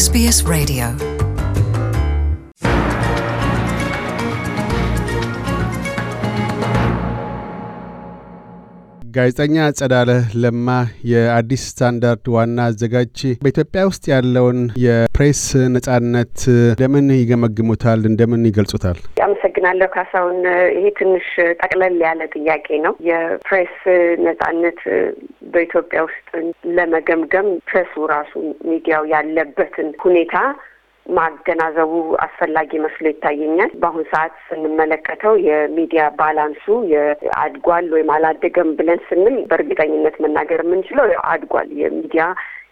ኤስቢኤስ Radio. ጋዜጠኛ ጸዳለ ለማ የአዲስ ስታንዳርድ ዋና አዘጋጅ፣ በኢትዮጵያ ውስጥ ያለውን የፕሬስ ነጻነት እንደምን ይገመግሙታል? እንደምን ይገልጹታል? አመሰግናለሁ ካሳሁን። ይሄ ትንሽ ጠቅለል ያለ ጥያቄ ነው። የፕሬስ ነጻነት በኢትዮጵያ ውስጥ ለመገምገም ፕሬሱ ራሱ ሚዲያው ያለበትን ሁኔታ ማገናዘቡ አስፈላጊ መስሎ ይታየኛል። በአሁን ሰዓት ስንመለከተው የሚዲያ ባላንሱ አድጓል ወይም አላደገም ብለን ስንል በእርግጠኝነት መናገር የምንችለው አድጓል። የሚዲያ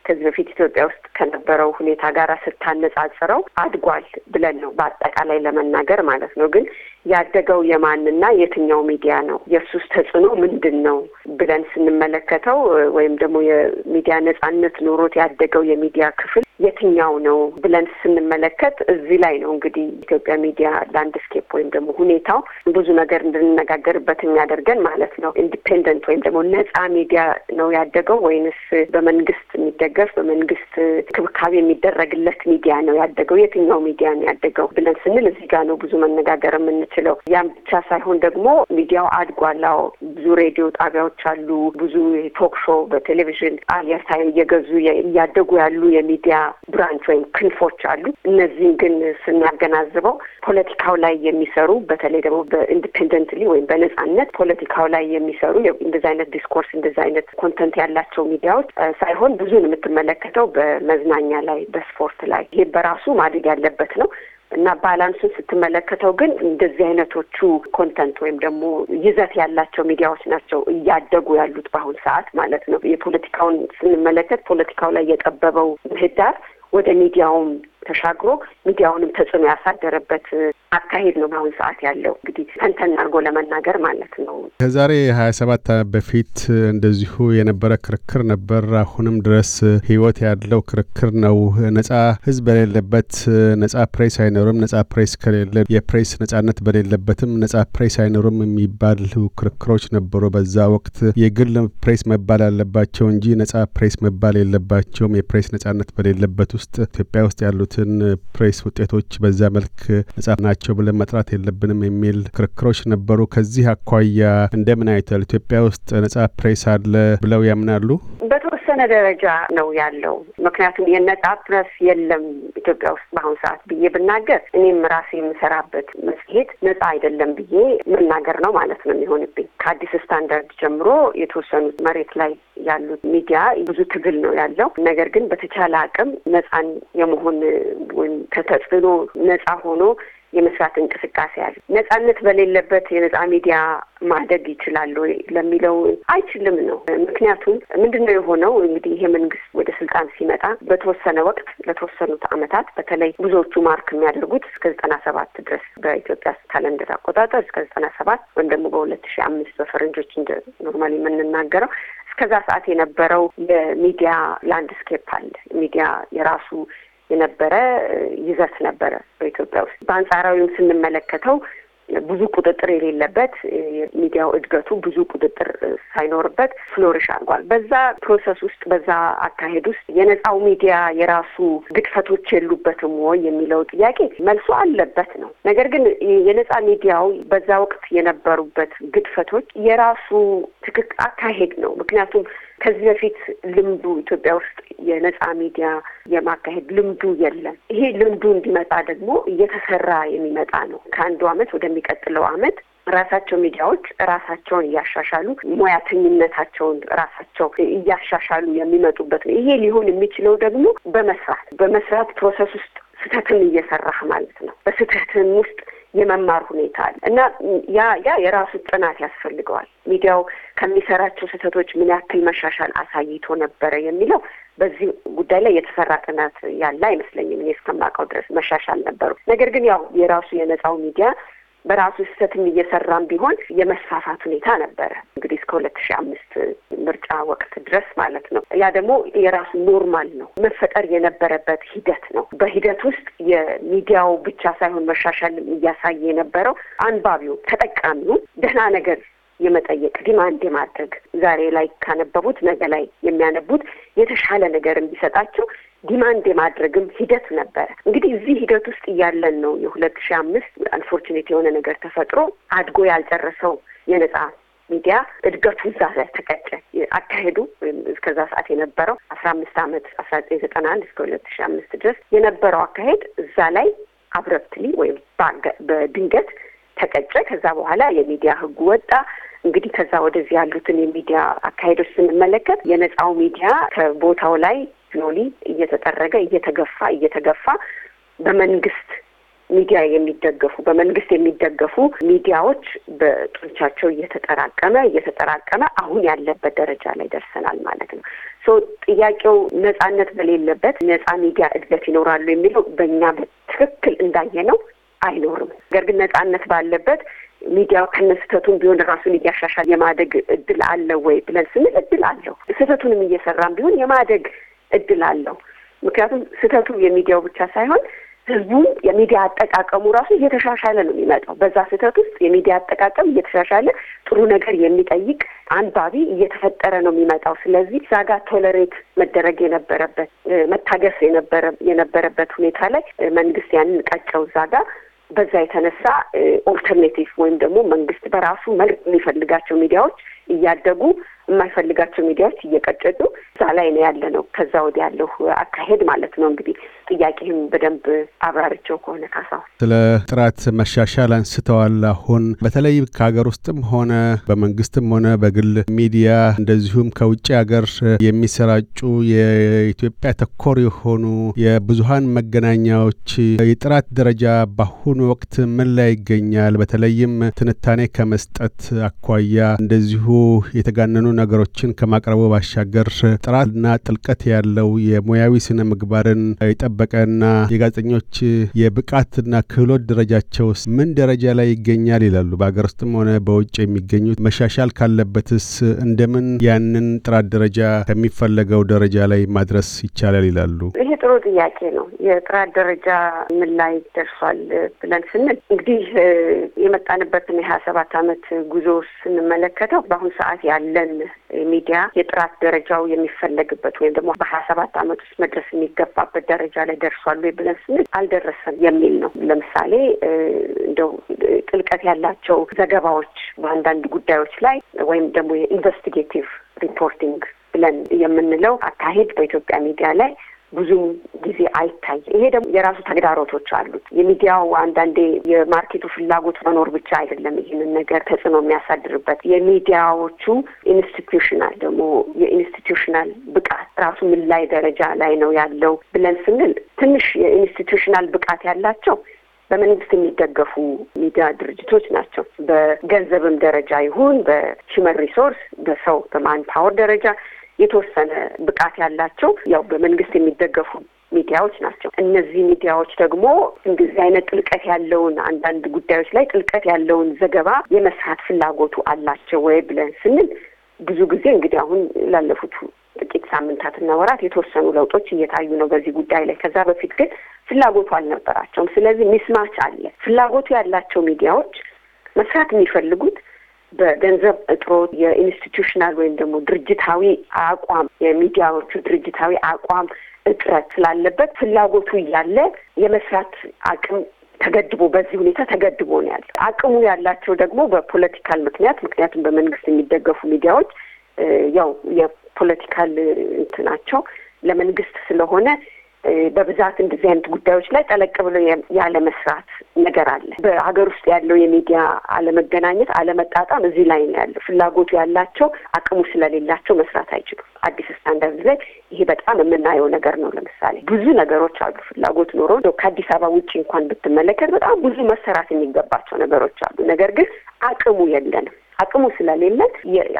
ከዚህ በፊት ኢትዮጵያ ውስጥ ከነበረው ሁኔታ ጋር ስታነጻጽረው አድጓል ብለን ነው በአጠቃላይ ለመናገር ማለት ነው። ግን ያደገው የማንና የትኛው ሚዲያ ነው የእሱስ ተጽዕኖ ምንድን ነው ብለን ስንመለከተው ወይም ደግሞ የሚዲያ ነጻነት ኖሮት ያደገው የሚዲያ ክፍል የትኛው ነው ብለን ስንመለከት እዚህ ላይ ነው እንግዲህ ኢትዮጵያ ሚዲያ ላንድስኬፕ ወይም ደግሞ ሁኔታው ብዙ ነገር እንድንነጋገርበት የሚያደርገን ማለት ነው። ኢንዲፔንደንት ወይም ደግሞ ነጻ ሚዲያ ነው ያደገው ወይንስ በመንግስት የሚደገፍ በመንግስት ክብካቤ የሚደረግለት ሚዲያ ነው ያደገው? የትኛው ሚዲያ ነው ያደገው ብለን ስንል እዚህ ጋር ነው ብዙ መነጋገር የምንችለው። ያም ብቻ ሳይሆን ደግሞ ሚዲያው አድጓላው ብዙ ሬዲዮ ጣቢያዎች አሉ። ብዙ ቶክ ሾው በቴሌቪዥን አየር እየገዙ እያደጉ ያሉ የሚዲያ ብራንች ወይም ክንፎች አሉ። እነዚህም ግን ስናገናዝበው ፖለቲካው ላይ የሚሰሩ በተለይ ደግሞ በኢንዲፔንደንትሊ ወይም በነጻነት ፖለቲካው ላይ የሚሰሩ እንደዚ አይነት ዲስኮርስ እንደዚ አይነት ኮንተንት ያላቸው ሚዲያዎች ሳይሆን ብዙን የምትመለከተው በመዝናኛ ላይ፣ በስፖርት ላይ ይህ በራሱ ማደግ ያለበት ነው። እና ባላንሱን ስትመለከተው ግን እንደዚህ አይነቶቹ ኮንተንት ወይም ደግሞ ይዘት ያላቸው ሚዲያዎች ናቸው እያደጉ ያሉት በአሁን ሰዓት ማለት ነው። የፖለቲካውን ስንመለከት ፖለቲካው ላይ የጠበበው ምህዳር ወደ ሚዲያውም ተሻግሮ ሚዲያውንም ተጽዕኖ ያሳደረበት አካሄድ ነው በአሁን ሰዓት ያለው። እንግዲህ ፈንተን አድርጎ ለመናገር ማለት ነው። ከዛሬ ሀያ ሰባት በፊት እንደዚሁ የነበረ ክርክር ነበር። አሁንም ድረስ ህይወት ያለው ክርክር ነው። ነጻ ህዝብ በሌለበት ነጻ ፕሬስ አይኖርም፣ ነጻ ፕሬስ ከሌለ የፕሬስ ነጻነት በሌለበትም ነጻ ፕሬስ አይኖርም የሚባል ክርክሮች ነበሩ። በዛ ወቅት የግል ፕሬስ መባል አለባቸው እንጂ ነጻ ፕሬስ መባል የለባቸውም። የፕሬስ ነጻነት በሌለበት ውስጥ ኢትዮጵያ ውስጥ ያሉትን ፕሬስ ውጤቶች በዛ መልክ ነጻ ናቸው ናቸው ብለን መጥራት የለብንም የሚል ክርክሮች ነበሩ። ከዚህ አኳያ እንደምን አይተል ኢትዮጵያ ውስጥ ነጻ ፕሬስ አለ ብለው ያምናሉ? በተወሰነ ደረጃ ነው ያለው። ምክንያቱም የነጻ ፕሬስ የለም ኢትዮጵያ ውስጥ በአሁኑ ሰዓት ብዬ ብናገር እኔም ራሴ የምሰራበት መጽሔት ነጻ አይደለም ብዬ መናገር ነው ማለት ነው የሚሆንብኝ። ከአዲስ ስታንዳርድ ጀምሮ የተወሰኑት መሬት ላይ ያሉት ሚዲያ ብዙ ትግል ነው ያለው። ነገር ግን በተቻለ አቅም ነፃን የመሆን ወይም ከተጽዕኖ ነፃ ሆኖ የመስራት እንቅስቃሴ አለ። ነጻነት በሌለበት የነጻ ሚዲያ ማደግ ይችላል ለሚለው አይችልም ነው። ምክንያቱም ምንድን ነው የሆነው እንግዲህ ይሄ መንግስት ወደ ስልጣን ሲመጣ በተወሰነ ወቅት ለተወሰኑት አመታት በተለይ ብዙዎቹ ማርክ የሚያደርጉት እስከ ዘጠና ሰባት ድረስ በኢትዮጵያ ካለንደር አቆጣጠር እስከ ዘጠና ሰባት ወይም ደግሞ በሁለት ሺ አምስት በፈረንጆች እንደ ኖርማል የምንናገረው እስከዛ ሰዓት የነበረው የሚዲያ ላንድስኬፕ አለ። ሚዲያ የራሱ የነበረ ይዘት ነበረ በኢትዮጵያ ውስጥ። በአንጻራዊም ስንመለከተው ብዙ ቁጥጥር የሌለበት የሚዲያው እድገቱ ብዙ ቁጥጥር ሳይኖርበት ፍሎሪሽ አድርጓል። በዛ ፕሮሰስ ውስጥ በዛ አካሄድ ውስጥ የነጻው ሚዲያ የራሱ ግድፈቶች የሉበትም ወይ የሚለው ጥያቄ መልሱ አለበት ነው። ነገር ግን የነጻ ሚዲያው በዛ ወቅት የነበሩበት ግድፈቶች የራሱ ትክክ አካሄድ ነው። ምክንያቱም ከዚህ በፊት ልምዱ ኢትዮጵያ ውስጥ የነጻ ሚዲያ የማካሄድ ልምዱ የለም። ይሄ ልምዱ እንዲመጣ ደግሞ እየተሰራ የሚመጣ ነው። ከአንዱ አመት ወደሚቀጥለው አመት ራሳቸው ሚዲያዎች ራሳቸውን እያሻሻሉ ሙያተኝነታቸውን ራሳቸው እያሻሻሉ የሚመጡበት ነው። ይሄ ሊሆን የሚችለው ደግሞ በመስራት በመስራት ፕሮሰስ ውስጥ ስህተትን እየሰራህ ማለት ነው። በስህተትም ውስጥ የመማር ሁኔታ አለ እና ያ ያ የራሱ ጥናት ያስፈልገዋል። ሚዲያው ከሚሰራቸው ስህተቶች ምን ያክል መሻሻል አሳይቶ ነበረ የሚለው በዚህ ጉዳይ ላይ የተሰራ ጥናት ያለ አይመስለኝም እኔ እስከማውቀው ድረስ መሻሻል ነበሩ። ነገር ግን ያው የራሱ የነጻው ሚዲያ በራሱ ስህተትም እየሰራም ቢሆን የመስፋፋት ሁኔታ ነበረ። እንግዲህ እስከ ሁለት ሺ አምስት ምርጫ ወቅት ድረስ ማለት ነው። ያ ደግሞ የራሱ ኖርማል ነው፣ መፈጠር የነበረበት ሂደት ነው። በሂደት ውስጥ የሚዲያው ብቻ ሳይሆን መሻሻልም እያሳየ የነበረው አንባቢው፣ ተጠቃሚው ደህና ነገር የመጠየቅ ዲማንድ የማድረግ ዛሬ ላይ ካነበቡት ነገ ላይ የሚያነቡት የተሻለ ነገር እንዲሰጣቸው ዲማንድ የማድረግም ሂደት ነበረ። እንግዲህ እዚህ ሂደት ውስጥ እያለን ነው የሁለት ሺ አምስት አንፎርቹኔት የሆነ ነገር ተፈጥሮ አድጎ ያልጨረሰው የነጻ ሚዲያ እድገቱ እዛ ላይ ተቀጨ። አካሄዱ ወይም እስከዛ ሰዓት የነበረው አስራ አምስት አመት አስራ ዘጠኝ ዘጠና አንድ እስከ ሁለት ሺ አምስት ድረስ የነበረው አካሄድ እዛ ላይ አብረፕትሊ ወይም በድንገት ተቀጨ። ከዛ በኋላ የሚዲያ ህጉ ወጣ። እንግዲህ ከዛ ወደዚህ ያሉትን የሚዲያ አካሄዶች ስንመለከት የነጻው ሚዲያ ከቦታው ላይ ስሎሊ እየተጠረገ እየተገፋ እየተገፋ በመንግስት ሚዲያ የሚደገፉ በመንግስት የሚደገፉ ሚዲያዎች በጡንቻቸው እየተጠራቀመ እየተጠራቀመ አሁን ያለበት ደረጃ ላይ ደርሰናል ማለት ነው። ሶ ጥያቄው ነጻነት በሌለበት ነጻ ሚዲያ እድገት ይኖራሉ የሚለው በእኛ እንዳየ እንዳየነው አይኖርም። ነገር ግን ነጻነት ባለበት ሚዲያው ከነ ስህተቱን ቢሆን ራሱን እያሻሻል የማደግ እድል አለው ወይ ብለን ስንል እድል አለው። ስህተቱንም እየሰራም ቢሆን የማደግ እድል አለው። ምክንያቱም ስህተቱ የሚዲያው ብቻ ሳይሆን ህዝቡም የሚዲያ አጠቃቀሙ ራሱ እየተሻሻለ ነው የሚመጣው። በዛ ስህተት ውስጥ የሚዲያ አጠቃቀም እየተሻሻለ ጥሩ ነገር የሚጠይቅ አንባቢ እየተፈጠረ ነው የሚመጣው። ስለዚህ እዛ ጋር ቶለሬት መደረግ የነበረበት መታገስ የነበረ የነበረበት ሁኔታ ላይ መንግስት ያንን ቀጨው እዛ ጋር በዛ የተነሳ ኦልተርኔቲቭ ወይም ደግሞ መንግስት በራሱ መልክ የሚፈልጋቸው ሚዲያዎች እያደጉ የማይፈልጋቸው ሚዲያዎች እየቀጨጩ እዛ ላይ ነው ያለ ነው። ከዛ ወዲ ያለው አካሄድ ማለት ነው። እንግዲህ ጥያቄህም በደንብ አብራርቸው ከሆነ ካሳ ስለ ጥራት መሻሻል አንስተዋል። አሁን በተለይ ከሀገር ውስጥም ሆነ በመንግስትም ሆነ በግል ሚዲያ እንደዚሁም ከውጭ ሀገር የሚሰራጩ የኢትዮጵያ ተኮር የሆኑ የብዙሀን መገናኛዎች የጥራት ደረጃ በአሁኑ ወቅት ምን ላይ ይገኛል? በተለይም ትንታኔ ከመስጠት አኳያ እንደዚሁ የተጋነኑ ነገሮችን ከማቅረቡ ባሻገር ጥራትና ጥልቀት ያለው የሙያዊ ስነ ምግባርን የጠበቀና የጋዜጠኞች የብቃትና ክህሎት ደረጃቸውስ ምን ደረጃ ላይ ይገኛል ይላሉ? በሀገር ውስጥም ሆነ በውጭ የሚገኙት መሻሻል ካለበትስ እንደምን ያንን ጥራት ደረጃ ከሚፈለገው ደረጃ ላይ ማድረስ ይቻላል ይላሉ? ይሄ ጥሩ ጥያቄ ነው። የጥራት ደረጃ ምን ላይ ደርሷል ብለን ስንል እንግዲህ የመጣንበትን የሀያ ሰባት አመት ጉዞ ስንመለከተው በአሁኑ በአሁኑ ሰዓት ያለን ሚዲያ የጥራት ደረጃው የሚፈለግበት ወይም ደግሞ በሀያ ሰባት አመት ውስጥ መድረስ የሚገባበት ደረጃ ላይ ደርሷሉ ብለን ስንል አልደረሰም የሚል ነው። ለምሳሌ እንደው ጥልቀት ያላቸው ዘገባዎች በአንዳንድ ጉዳዮች ላይ ወይም ደግሞ የኢንቨስቲጌቲቭ ሪፖርቲንግ ብለን የምንለው አካሄድ በኢትዮጵያ ሚዲያ ላይ ብዙ ጊዜ አይታይ። ይሄ ደግሞ የራሱ ተግዳሮቶች አሉት። የሚዲያው አንዳንዴ የማርኬቱ ፍላጎት መኖር ብቻ አይደለም ይህንን ነገር ተጽዕኖ የሚያሳድርበት የሚዲያዎቹ ኢንስቲትዩሽናል ደግሞ የኢንስቲትዩሽናል ብቃት ራሱ ምን ላይ ደረጃ ላይ ነው ያለው ብለን ስንል ትንሽ የኢንስቲትዩሽናል ብቃት ያላቸው በመንግስት የሚደገፉ ሚዲያ ድርጅቶች ናቸው። በገንዘብም ደረጃ ይሁን በሂውመን ሪሶርስ በሰው በማን ፓወር ደረጃ የተወሰነ ብቃት ያላቸው ያው በመንግስት የሚደገፉ ሚዲያዎች ናቸው። እነዚህ ሚዲያዎች ደግሞ እንደዚህ አይነት ጥልቀት ያለውን አንዳንድ ጉዳዮች ላይ ጥልቀት ያለውን ዘገባ የመስራት ፍላጎቱ አላቸው ወይ ብለን ስንል ብዙ ጊዜ እንግዲህ አሁን ላለፉት ጥቂት ሳምንታትና ወራት የተወሰኑ ለውጦች እየታዩ ነው በዚህ ጉዳይ ላይ። ከዛ በፊት ግን ፍላጎቱ አልነበራቸውም። ስለዚህ ሚስማች አለ። ፍላጎቱ ያላቸው ሚዲያዎች መስራት የሚፈልጉት በገንዘብ እጥሮት የኢንስቲቱሽናል ወይም ደግሞ ድርጅታዊ አቋም የሚዲያዎቹ ድርጅታዊ አቋም እጥረት ስላለበት ፍላጎቱ እያለ የመስራት አቅም ተገድቦ በዚህ ሁኔታ ተገድቦ ነው ያለ። አቅሙ ያላቸው ደግሞ በፖለቲካል ምክንያት ምክንያቱም በመንግስት የሚደገፉ ሚዲያዎች ያው የፖለቲካል እንትናቸው ለመንግስት ስለሆነ በብዛት እንደዚህ አይነት ጉዳዮች ላይ ጠለቅ ብሎ ያለ መስራት ነገር አለ። በሀገር ውስጥ ያለው የሚዲያ አለመገናኘት፣ አለመጣጣም እዚህ ላይ ነው ያለው። ፍላጎቱ ያላቸው አቅሙ ስለሌላቸው መስራት አይችሉም። አዲስ ስታንዳርድ ላይ ይሄ በጣም የምናየው ነገር ነው። ለምሳሌ ብዙ ነገሮች አሉ። ፍላጎት ኖሮ ከአዲስ አበባ ውጭ እንኳን ብትመለከት በጣም ብዙ መሰራት የሚገባቸው ነገሮች አሉ። ነገር ግን አቅሙ የለንም። አቅሙ ስለሌለን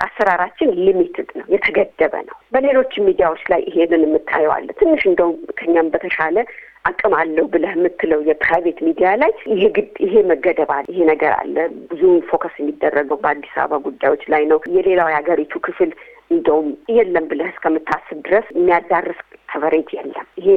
አሰራራችን ሊሚትድ ነው፣ የተገደበ ነው። በሌሎች ሚዲያዎች ላይ ይሄንን የምታየው አለ። ትንሽ እንደው ከኛም በተሻለ አቅም አለው ብለህ የምትለው የፕራይቬት ሚዲያ ላይ ይሄ ግድ ይሄ መገደብ አለ፣ ይሄ ነገር አለ። ብዙውን ፎከስ የሚደረገው በአዲስ አበባ ጉዳዮች ላይ ነው። የሌላው የሀገሪቱ ክፍል እንደውም የለም ብለህ እስከምታስብ ድረስ የሚያዳርስ ከቨሬጅ የለም። ይሄ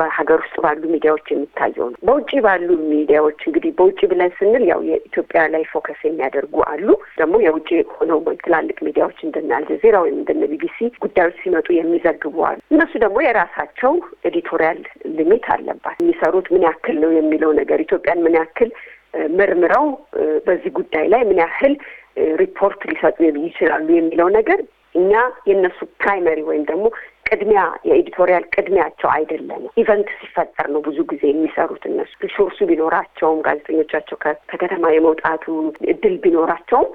በሀገር ውስጥ ባሉ ሚዲያዎች የሚታየው ነው። በውጭ ባሉ ሚዲያዎች እንግዲህ በውጭ ብለን ስንል ያው የኢትዮጵያ ላይ ፎከስ የሚያደርጉ አሉ። ደግሞ የውጭ ሆነው ትላልቅ ሚዲያዎች እንደነ አልጀዚራ ወይም እንደነ ቢቢሲ ጉዳዮች ሲመጡ የሚዘግቡ አሉ። እነሱ ደግሞ የራሳቸው ኤዲቶሪያል ሊሚት አለባት። የሚሰሩት ምን ያክል ነው የሚለው ነገር ኢትዮጵያን ምን ያክል መርምረው በዚህ ጉዳይ ላይ ምን ያህል ሪፖርት ሊሰጡ ይችላሉ የሚለው ነገር እኛ የእነሱ ፕራይመሪ ወይም ደግሞ ቅድሚያ የኤዲቶሪያል ቅድሚያቸው አይደለም። ኢቨንት ሲፈጠር ነው ብዙ ጊዜ የሚሰሩት እነሱ ሪሶርሱ ቢኖራቸውም ጋዜጠኞቻቸው ከከተማ የመውጣቱ እድል ቢኖራቸውም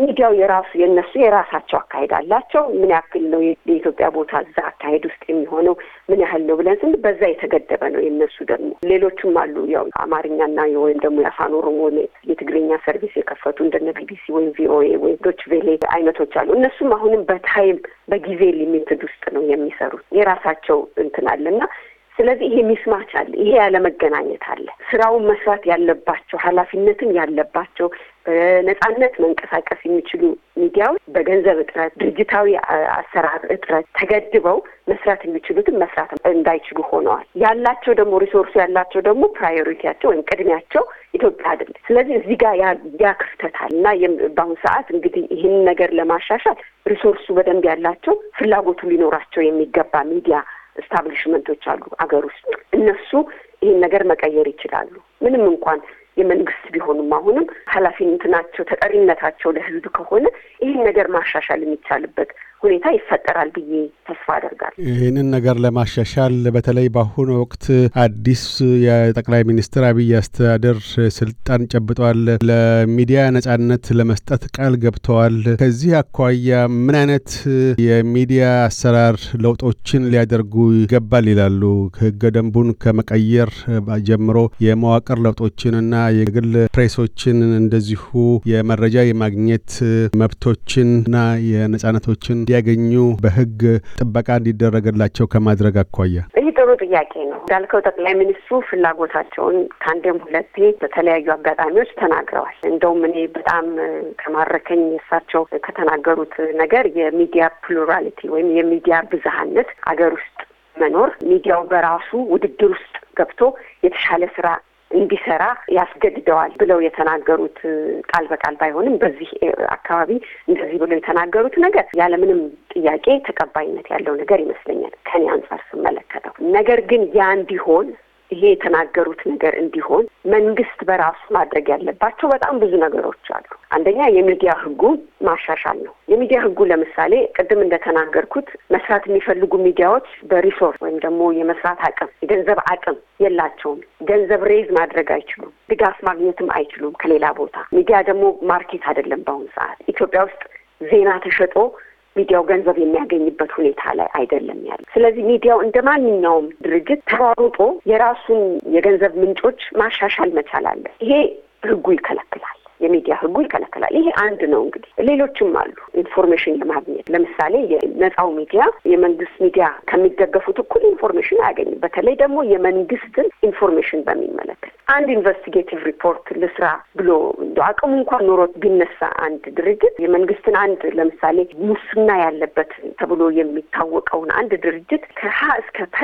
ሚዲያው የራሱ የነሱ የራሳቸው አካሄድ አላቸው። ምን ያክል ነው የኢትዮጵያ ቦታ እዛ አካሄድ ውስጥ የሚሆነው ምን ያህል ነው ብለን ስን በዛ የተገደበ ነው። የነሱ ደግሞ ሌሎችም አሉ። ያው አማርኛና ወይም ደግሞ የአፋን ኦሮሞ የትግርኛ ሰርቪስ የከፈቱ እንደነ ቢቢሲ ወይም ቪኦኤ ወይም ዶች ቬሌ አይነቶች አሉ። እነሱም አሁንም በታይም በጊዜ ሊሚትድ ውስጥ ነው የሚሰሩት። የራሳቸው እንትን አለና ስለዚህ ይሄ ሚስማች አለ፣ ይሄ ያለመገናኘት አለ። ስራውን መስራት ያለባቸው ኃላፊነትም ያለባቸው በነጻነት መንቀሳቀስ የሚችሉ ሚዲያዎች በገንዘብ እጥረት፣ ድርጅታዊ አሰራር እጥረት ተገድበው መስራት የሚችሉትን መስራት እንዳይችሉ ሆነዋል። ያላቸው ደግሞ ሪሶርሱ ያላቸው ደግሞ ፕራዮሪቲያቸው ወይም ቅድሚያቸው ኢትዮጵያ አይደለም። ስለዚህ እዚህ ጋር ያ ክፍተት አለ እና በአሁኑ ሰዓት እንግዲህ ይህን ነገር ለማሻሻል ሪሶርሱ በደንብ ያላቸው ፍላጎቱ ሊኖራቸው የሚገባ ሚዲያ እስታብሊሽመንቶች አሉ አገር ውስጥ እነሱ ይህን ነገር መቀየር ይችላሉ። ምንም እንኳን የመንግስት ቢሆኑም አሁንም ናቸው ተጠሪነታቸው ለህዝብ ከሆነ ይህን ነገር ማሻሻል የሚቻልበት ሁኔታ ይፈጠራል ብዬ ተስፋ አደርጋል። ይህንን ነገር ለማሻሻል በተለይ በአሁኑ ወቅት አዲስ የጠቅላይ ሚኒስትር አብይ አስተዳደር ስልጣን ጨብጠዋል። ለሚዲያ ነጻነት ለመስጠት ቃል ገብተዋል። ከዚህ አኳያ ምን አይነት የሚዲያ አሰራር ለውጦችን ሊያደርጉ ይገባል ይላሉ? ህገ ደንቡን ከመቀየር ጀምሮ የመዋቅር ለውጦችንና የግል ፕሬሶችን እንደዚሁ የመረጃ የማግኘት መብቶችንና የነጻነቶችን እንዲያገኙ በህግ ጥበቃ እንዲደረግላቸው ከማድረግ አኳያ ይህ ጥሩ ጥያቄ ነው። እንዳልከው ጠቅላይ ሚኒስትሩ ፍላጎታቸውን ከአንዴም ሁለቴ በተለያዩ አጋጣሚዎች ተናግረዋል። እንደውም እኔ በጣም ከማረከኝ እሳቸው ከተናገሩት ነገር የሚዲያ ፕሉራሊቲ ወይም የሚዲያ ብዝሃነት አገር ውስጥ መኖር ሚዲያው በራሱ ውድድር ውስጥ ገብቶ የተሻለ ስራ እንዲሰራ ያስገድደዋል ብለው የተናገሩት ቃል በቃል ባይሆንም በዚህ አካባቢ እንደዚህ ብሎ የተናገሩት ነገር ያለምንም ጥያቄ ተቀባይነት ያለው ነገር ይመስለኛል ከኔ አንጻር ስመለከተው። ነገር ግን ያ እንዲሆን ይሄ የተናገሩት ነገር እንዲሆን መንግስት በራሱ ማድረግ ያለባቸው በጣም ብዙ ነገሮች አሉ። አንደኛ የሚዲያ ህጉ ማሻሻል ነው። የሚዲያ ህጉ ለምሳሌ ቅድም እንደተናገርኩት መስራት የሚፈልጉ ሚዲያዎች በሪሶርስ ወይም ደግሞ የመስራት አቅም የገንዘብ አቅም የላቸውም። ገንዘብ ሬዝ ማድረግ አይችሉም። ድጋፍ ማግኘትም አይችሉም ከሌላ ቦታ። ሚዲያ ደግሞ ማርኬት አይደለም በአሁኑ ሰዓት ኢትዮጵያ ውስጥ ዜና ተሸጦ ሚዲያው ገንዘብ የሚያገኝበት ሁኔታ ላይ አይደለም ያለ። ስለዚህ ሚዲያው እንደ ማንኛውም ድርጅት ተሯሩጦ የራሱን የገንዘብ ምንጮች ማሻሻል መቻል አለ። ይሄ ህጉ ይከለክላል። የሚዲያ ህጉ ይከለከላል። ይሄ አንድ ነው። እንግዲህ ሌሎችም አሉ። ኢንፎርሜሽን ለማግኘት ለምሳሌ የነጻው ሚዲያ የመንግስት ሚዲያ ከሚደገፉት እኩል ኢንፎርሜሽን አያገኝም። በተለይ ደግሞ የመንግስትን ኢንፎርሜሽን በሚመለከት አንድ ኢንቨስቲጌቲቭ ሪፖርት ልስራ ብሎ እንደ አቅሙ እንኳን ኖሮት ቢነሳ አንድ ድርጅት የመንግስትን አንድ ለምሳሌ ሙስና ያለበት ተብሎ የሚታወቀውን አንድ ድርጅት ከሀ እስከ ፐ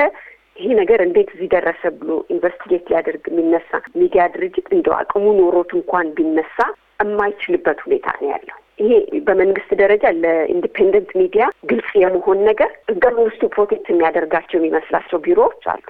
ይሄ ነገር እንዴት እዚህ ደረሰ ብሎ ኢንቨስቲጌት ሊያደርግ የሚነሳ ሚዲያ ድርጅት እንደው አቅሙ ኖሮት እንኳን ቢነሳ የማይችልበት ሁኔታ ነው ያለው። ይሄ በመንግስት ደረጃ ለኢንዲፔንደንት ሚዲያ ግልጽ የመሆን ነገር ህገ መንግስቱ ፕሮቴክት የሚያደርጋቸው የሚመስላቸው ቢሮዎች አሉ።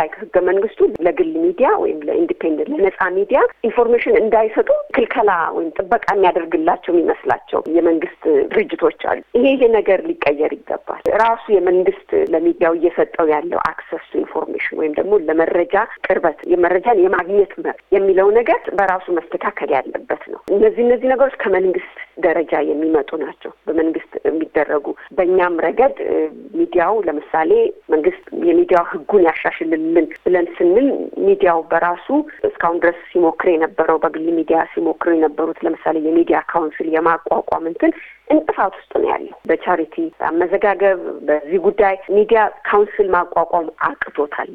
ላይክ ህገ መንግስቱ ለግል ሚዲያ ወይም ለኢንዲፔንደንት ለነጻ ሚዲያ ኢንፎርሜሽን እንዳይሰጡ ክልከላ ወይም ጥበቃ የሚያደርግላቸው የሚመስላቸው የመንግስት ድርጅቶች አሉ። ይሄ ይሄ ነገር ሊቀየር ይገባል። ራሱ የመንግስት ለሚዲያው እየሰጠው ያለው አክሰስ ኢንፎርሜሽን ወይም ደግሞ ለመረጃ ቅርበት የመረጃን የማግኘት መብት የሚለው ነገር በራሱ መስተካከል ያለበት ነው። እነዚህ እነዚህ ነገሮች ከመንግስት ደረጃ የሚመጡ ናቸው። በመንግስት የሚደረጉ በእኛም ረገድ ሚዲያው ለምሳሌ መንግስት የሚዲያው ህጉን ያሻሽልል ምን ብለን ስንል ሚዲያው በራሱ እስካሁን ድረስ ሲሞክር የነበረው በግል ሚዲያ ሲሞክር የነበሩት ለምሳሌ የሚዲያ ካውንስል የማቋቋም እንትን እንቅፋት ውስጥ ነው ያለው። በቻሪቲ አመዘጋገብ በዚህ ጉዳይ ሚዲያ ካውንስል ማቋቋም አቅቶታል።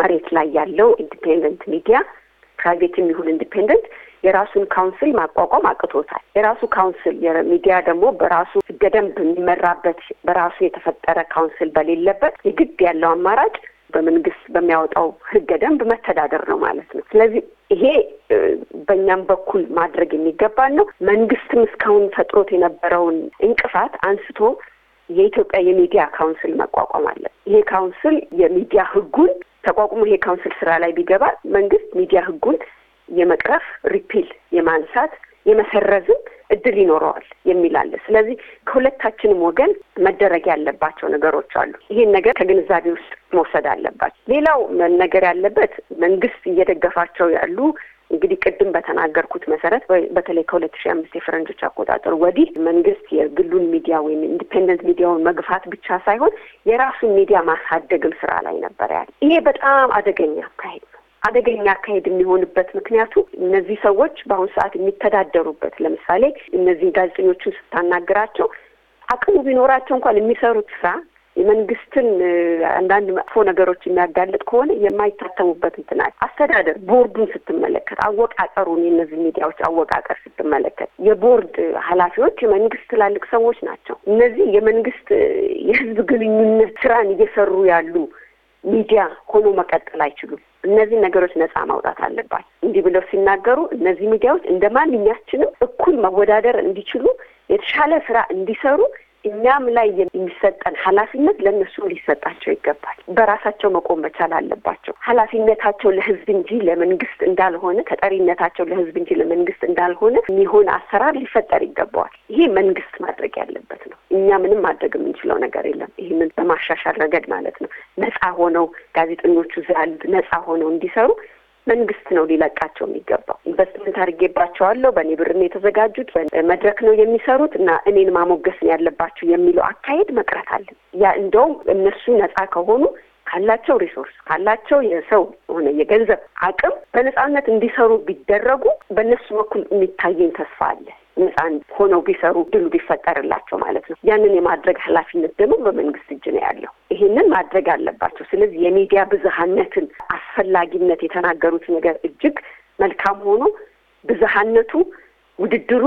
መሬት ላይ ያለው ኢንዲፔንደንት ሚዲያ ፕራይቬትም ይሁን ኢንዲፔንደንት የራሱን ካውንስል ማቋቋም አቅቶታል። የራሱ ካውንስል ሚዲያ ደግሞ በራሱ ህገ ደንብ የሚመራበት በራሱ የተፈጠረ ካውንስል በሌለበት የግድ ያለው አማራጭ በመንግስት በሚያወጣው ህገ ደንብ መተዳደር ነው ማለት ነው። ስለዚህ ይሄ በእኛም በኩል ማድረግ የሚገባን ነው። መንግስትም እስካሁን ፈጥሮት የነበረውን እንቅፋት አንስቶ የኢትዮጵያ የሚዲያ ካውንስል መቋቋም አለ። ይሄ ካውንስል የሚዲያ ህጉን ተቋቁሞ ይሄ ካውንስል ስራ ላይ ቢገባ መንግስት ሚዲያ ህጉን የመቅረፍ ሪፒል የማንሳት የመሰረዝም እድል ይኖረዋል የሚል አለ። ስለዚህ ከሁለታችንም ወገን መደረግ ያለባቸው ነገሮች አሉ። ይሄን ነገር ከግንዛቤ ውስጥ መውሰድ አለባቸው። ሌላው መነገር ያለበት መንግስት እየደገፋቸው ያሉ እንግዲህ ቅድም በተናገርኩት መሰረት በተለይ ከሁለት ሺ አምስት የፈረንጆች አቆጣጠር ወዲህ መንግስት የግሉን ሚዲያ ወይም ኢንዲፔንደንት ሚዲያውን መግፋት ብቻ ሳይሆን የራሱን ሚዲያ ማሳደግም ስራ ላይ ነበር ያለ። ይሄ በጣም አደገኛ አካሄድ አደገኛ አካሄድ የሚሆንበት ምክንያቱ እነዚህ ሰዎች በአሁኑ ሰዓት የሚተዳደሩበት ለምሳሌ እነዚህ ጋዜጠኞቹን ስታናግራቸው አቅሙ ቢኖራቸው እንኳን የሚሰሩት ስራ የመንግስትን አንዳንድ መጥፎ ነገሮች የሚያጋልጥ ከሆነ የማይታተሙበት እንትና አስተዳደር ቦርዱን ስትመለከት አወቃቀሩን የእነዚህ ሚዲያዎች አወቃቀር ስትመለከት የቦርድ ኃላፊዎች የመንግስት ትላልቅ ሰዎች ናቸው። እነዚህ የመንግስት የህዝብ ግንኙነት ስራን እየሰሩ ያሉ ሚዲያ ሆኖ መቀጠል አይችሉም። እነዚህ ነገሮች ነፃ ማውጣት አለባት። እንዲህ ብለው ሲናገሩ እነዚህ ሚዲያዎች እንደ ማንኛችንም እኩል መወዳደር እንዲችሉ የተሻለ ስራ እንዲሰሩ እኛም ላይ የሚሰጠን ኃላፊነት ለእነሱም ሊሰጣቸው ይገባል። በራሳቸው መቆም መቻል አለባቸው። ኃላፊነታቸው ለህዝብ እንጂ ለመንግስት እንዳልሆነ፣ ተጠሪነታቸው ለህዝብ እንጂ ለመንግስት እንዳልሆነ የሚሆን አሰራር ሊፈጠር ይገባዋል። ይሄ መንግስት ማድረግ ያለበት ነው። እኛ ምንም ማድረግ የምንችለው ነገር የለም። ይህንን በማሻሻል ረገድ ማለት ነው። ነጻ ሆነው ጋዜጠኞቹ ዘንድ ነጻ ሆነው እንዲሰሩ መንግስት ነው ሊለቃቸው የሚገባው። ኢንቨስትመንት አድርጌባቸዋለሁ፣ በእኔ ብር ነው የተዘጋጁት፣ መድረክ ነው የሚሰሩት እና እኔን ማሞገስ ነው ያለባቸው የሚለው አካሄድ መቅረት አለ። ያ እንደውም እነሱ ነጻ ከሆኑ ካላቸው ሪሶርስ ካላቸው የሰው ሆነ የገንዘብ አቅም በነጻነት እንዲሰሩ ቢደረጉ በእነሱ በኩል የሚታየኝ ተስፋ አለ። ነጻን ሆነው ቢሰሩ ድሉ ቢፈጠርላቸው ማለት ነው። ያንን የማድረግ ኃላፊነት ደግሞ በመንግስት እጅ ነው ያለው። ይህንን ማድረግ አለባቸው። ስለዚህ የሚዲያ ብዝሃነትን አስፈላጊነት የተናገሩት ነገር እጅግ መልካም ሆኖ ብዝሃነቱ ውድድሩ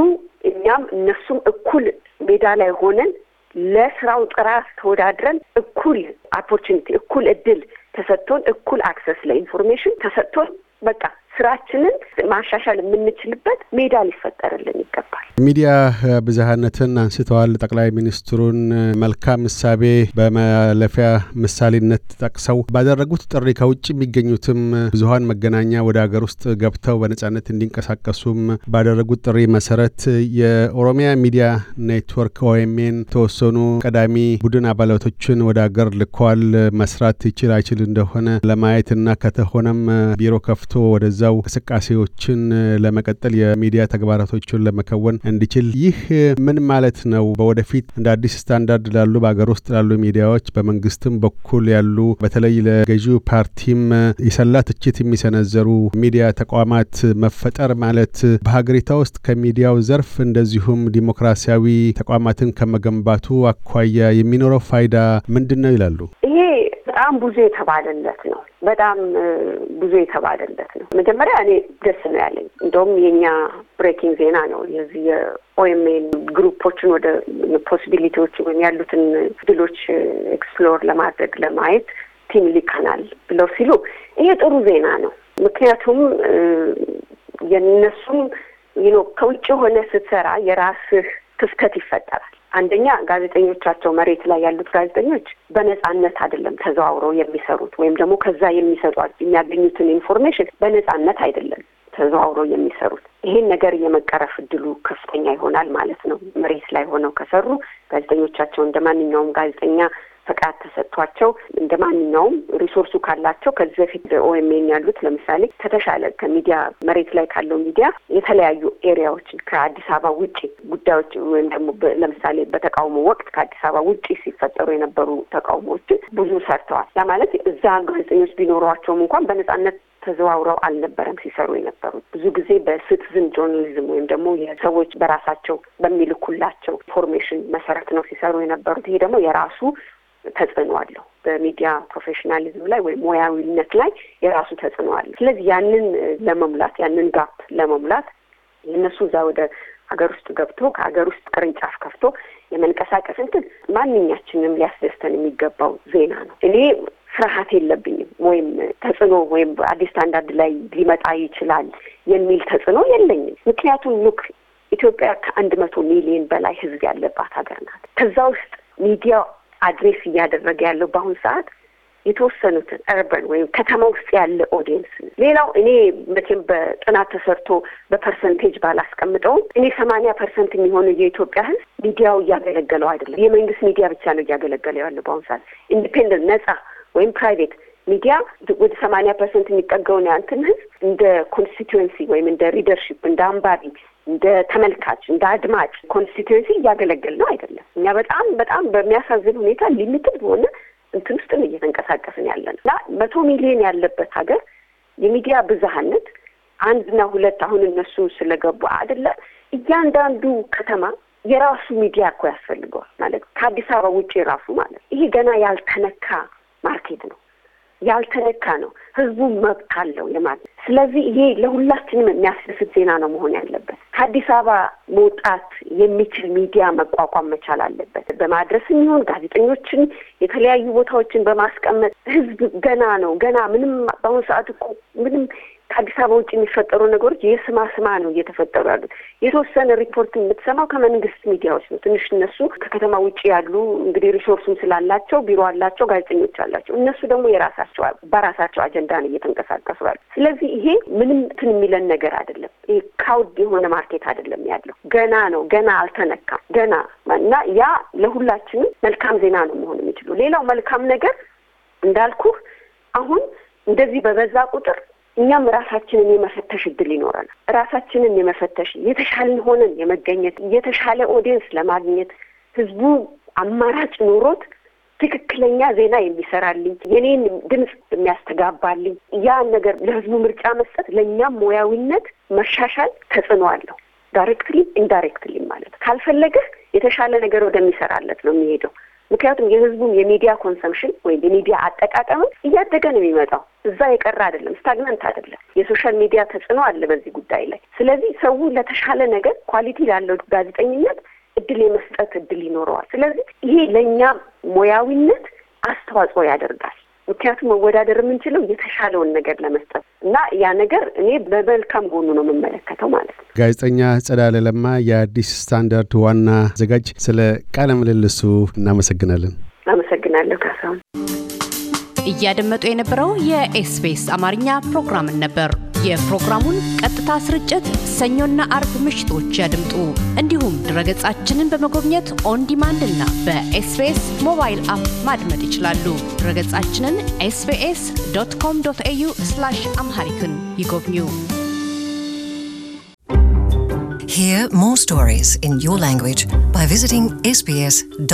እኛም እነሱም እኩል ሜዳ ላይ ሆነን ለስራው ጥራት ተወዳድረን እኩል ኦፖርቹኒቲ እኩል እድል ተሰጥቶን እኩል አክሰስ ለኢንፎርሜሽን ተሰጥቶን በቃ ስራችንን ማሻሻል የምንችልበት ሜዳ ሊፈጠርልን ይገባል። ሚዲያ ብዝሃነትን አንስተዋል ጠቅላይ ሚኒስትሩን መልካም ምሳቤ በማለፊያ ምሳሌነት ጠቅሰው ባደረጉት ጥሪ ከውጭ የሚገኙትም ብዙሀን መገናኛ ወደ ሀገር ውስጥ ገብተው በነጻነት እንዲንቀሳቀሱም ባደረጉት ጥሪ መሰረት የኦሮሚያ ሚዲያ ኔትወርክ ኦኤምኤን ተወሰኑ ቀዳሚ ቡድን አባላቶችን ወደ ሀገር ልኳል። መስራት ይችል አይችል እንደሆነ ለማየት እና ከተሆነም ቢሮ ከፍቶ ወደዛ የምንለው እንቅስቃሴዎችን ለመቀጠል የሚዲያ ተግባራቶችን ለመከወን እንዲችል ይህ ምን ማለት ነው? በወደፊት እንደ አዲስ ስታንዳርድ ላሉ በሀገር ውስጥ ላሉ ሚዲያዎች በመንግስትም በኩል ያሉ በተለይ ለገዢው ፓርቲም የሰላ ትችት የሚሰነዘሩ ሚዲያ ተቋማት መፈጠር ማለት በሀገሪታ ውስጥ ከሚዲያው ዘርፍ እንደዚሁም ዲሞክራሲያዊ ተቋማትን ከመገንባቱ አኳያ የሚኖረው ፋይዳ ምንድን ነው ይላሉ። ይሄ በጣም ብዙ የተባለለት ነው። በጣም ብዙ የተባለለት ነው። መጀመሪያ እኔ ደስ ነው ያለኝ። እንደውም የኛ ብሬኪንግ ዜና ነው የዚህ የኦኤምኤን ግሩፖችን ወደ ፖሲቢሊቲዎች ወይም ያሉትን ድሎች ኤክስፕሎር ለማድረግ ለማየት ቲም ሊከናል ብለው ሲሉ ይሄ ጥሩ ዜና ነው። ምክንያቱም የነሱም ይኖ ከውጭ ሆነ ስትሰራ የራስህ ክፍተት ይፈጠራል። አንደኛ ጋዜጠኞቻቸው መሬት ላይ ያሉት ጋዜጠኞች በነጻነት አይደለም ተዘዋውረው የሚሰሩት ወይም ደግሞ ከዛ የሚሰጧት የሚያገኙትን ኢንፎርሜሽን በነጻነት አይደለም ተዘዋውሮ የሚሰሩት ይሄን ነገር የመቀረፍ እድሉ ከፍተኛ ይሆናል ማለት ነው። መሬት ላይ ሆነው ከሰሩ ጋዜጠኞቻቸው እንደ ማንኛውም ጋዜጠኛ ፈቃድ ተሰጥቷቸው እንደ ማንኛውም ሪሶርሱ ካላቸው ከዚህ በፊት ኦኤምኤን ያሉት ለምሳሌ ከተሻለ ከሚዲያ መሬት ላይ ካለው ሚዲያ የተለያዩ ኤሪያዎችን ከአዲስ አበባ ውጪ ጉዳዮች ወይም ደግሞ ለምሳሌ በተቃውሞ ወቅት ከአዲስ አበባ ውጪ ሲፈጠሩ የነበሩ ተቃውሞዎችን ብዙ ሰርተዋል። ያ ማለት እዛ ጋዜጠኞች ቢኖሯቸውም እንኳን በነጻነት ተዘዋውረው አልነበረም ሲሰሩ የነበሩት። ብዙ ጊዜ በሲቲዝን ጆርናሊዝም ወይም ደግሞ የሰዎች በራሳቸው በሚልኩላቸው ኢንፎርሜሽን መሰረት ነው ሲሰሩ የነበሩት። ይሄ ደግሞ የራሱ ተጽዕኖ አለው በሚዲያ ፕሮፌሽናሊዝም ላይ ወይም ሙያዊነት ላይ የራሱ ተጽዕኖ አለው። ስለዚህ ያንን ለመሙላት ያንን ጋፕ ለመሙላት የእነሱ እዛ ወደ ሀገር ውስጥ ገብቶ ከሀገር ውስጥ ቅርንጫፍ ከፍቶ የመንቀሳቀስ እንትን ማንኛችንም ሊያስደስተን የሚገባው ዜና ነው። እኔ ፍርሀት የለብኝም ወይም ተጽዕኖ ወይም አዲስ ስታንዳርድ ላይ ሊመጣ ይችላል የሚል ተጽዕኖ የለኝም። ምክንያቱም ሉክ ኢትዮጵያ ከአንድ መቶ ሚሊዮን በላይ ህዝብ ያለባት ሀገር ናት። ከዛ ውስጥ ሚዲያ አድሬስ እያደረገ ያለው በአሁን ሰዓት የተወሰኑትን እርበን ወይም ከተማ ውስጥ ያለ ኦዲየንስ ሌላው እኔ መቼም በጥናት ተሰርቶ በፐርሰንቴጅ ባላስቀምጠውም እኔ ሰማንያ ፐርሰንት የሚሆነው የኢትዮጵያ ህዝብ ሚዲያው እያገለገለው አይደለም። የመንግስት ሚዲያ ብቻ ነው እያገለገለ ያለው በአሁኑ ሰዓት ኢንዲፔንደንት ነጻ ወይም ፕራይቬት ሚዲያ ወደ ሰማኒያ ፐርሰንት የሚጠጋውን ያንትን ህዝብ እንደ ኮንስቲትዌንሲ ወይም እንደ ሪደርሽፕ እንደ አንባቢ እንደ ተመልካች እንደ አድማጭ ኮንስቲትዌንሲ እያገለገል ነው አይደለም። እኛ በጣም በጣም በሚያሳዝን ሁኔታ ሊሚትድ በሆነ እንትን ውስጥ ነው እየተንቀሳቀስን ያለ ነው እና መቶ ሚሊዮን ያለበት ሀገር የሚዲያ ብዝሃነት አንድና ሁለት አሁን እነሱ ስለገቡ አይደለም። እያንዳንዱ ከተማ የራሱ ሚዲያ እኮ ያስፈልገዋል ማለት ከአዲስ አበባ ውጭ የራሱ ማለት ይሄ ገና ያልተነካ ማርኬት ነው፣ ያልተነካ ነው። ህዝቡ መብት አለው የማለት ስለዚህ ይሄ ለሁላችንም የሚያስደስት ዜና ነው መሆን ያለበት። ከአዲስ አበባ መውጣት የሚችል ሚዲያ መቋቋም መቻል አለበት። በማድረስም ይሁን ጋዜጠኞችን የተለያዩ ቦታዎችን በማስቀመጥ ህዝብ ገና ነው ገና ምንም በአሁኑ ሰዓት እኮ ምንም ከአዲስ አበባ ውጭ የሚፈጠሩ ነገሮች የስማ ስማ ነው እየተፈጠሩ ያሉት። የተወሰነ ሪፖርት የምትሰማው ከመንግስት ሚዲያዎች ነው። ትንሽ እነሱ ከከተማ ውጭ ያሉ እንግዲህ ሪሶርሱም ስላላቸው ቢሮ አላቸው፣ ጋዜጠኞች አላቸው። እነሱ ደግሞ የራሳቸው በራሳቸው አጀንዳ ነው እየተንቀሳቀሱ ያሉ። ስለዚህ ይሄ ምንም እንትን የሚለን ነገር አይደለም። ይሄ ካውድ የሆነ ማርኬት አይደለም ያለው። ገና ነው፣ ገና አልተነካም። ገና እና ያ ለሁላችንም መልካም ዜና ነው መሆን የሚችሉ። ሌላው መልካም ነገር እንዳልኩህ አሁን እንደዚህ በበዛ ቁጥር እኛም ራሳችንን የመፈተሽ እድል ይኖረናል። ራሳችንን የመፈተሽ የተሻለን ሆነን የመገኘት የተሻለ ኦዲየንስ ለማግኘት ህዝቡ አማራጭ ኑሮት ትክክለኛ ዜና የሚሰራልኝ የኔን ድምፅ የሚያስተጋባልኝ ያን ነገር ለህዝቡ ምርጫ መስጠት ለእኛም ሙያዊነት መሻሻል ተጽዕኖ አለው። ዳይሬክትሊ ኢንዳይሬክትሊ ማለት ካልፈለገህ የተሻለ ነገር ወደሚሰራለት ነው የሚሄደው። ምክንያቱም የህዝቡም የሚዲያ ኮንሰምሽን ወይም የሚዲያ አጠቃቀምን እያደገ ነው የሚመጣው። እዛ የቀረ አይደለም፣ ስታግመንት አይደለም። የሶሻል ሚዲያ ተጽዕኖ አለ በዚህ ጉዳይ ላይ። ስለዚህ ሰው ለተሻለ ነገር ኳሊቲ ላለው ጋዜጠኝነት እድል የመስጠት እድል ይኖረዋል። ስለዚህ ይሄ ለእኛ ሙያዊነት አስተዋጽኦ ያደርጋል። ምክንያቱም መወዳደር የምንችለው የተሻለውን ነገር ለመስጠት እና ያ ነገር እኔ በመልካም ጎኑ ነው የምመለከተው ማለት ነው። ጋዜጠኛ ጸዳለ ለማ የአዲስ ስታንዳርድ ዋና አዘጋጅ፣ ስለ ቃለ ምልልሱ እናመሰግናለን። አመሰግናለሁ ካሳሁን። እያደመጡ የነበረው የኤስቢኤስ አማርኛ ፕሮግራምን ነበር። የፕሮግራሙን ቀጥታ ስርጭት ሰኞና አርብ ምሽቶች ያድምጡ። እንዲሁም ድረገጻችንን በመጎብኘት ኦን ዲማንድ እና በኤስቢኤስ ሞባይል አፕ ማድመጥ ይችላሉ። ድረገጻችንን ኤስቢኤስ ዶት ኮም ዶት ኤዩ አምሃሪክን ይጎብኙ። Hear more stories in your language by visiting sbs.com.au.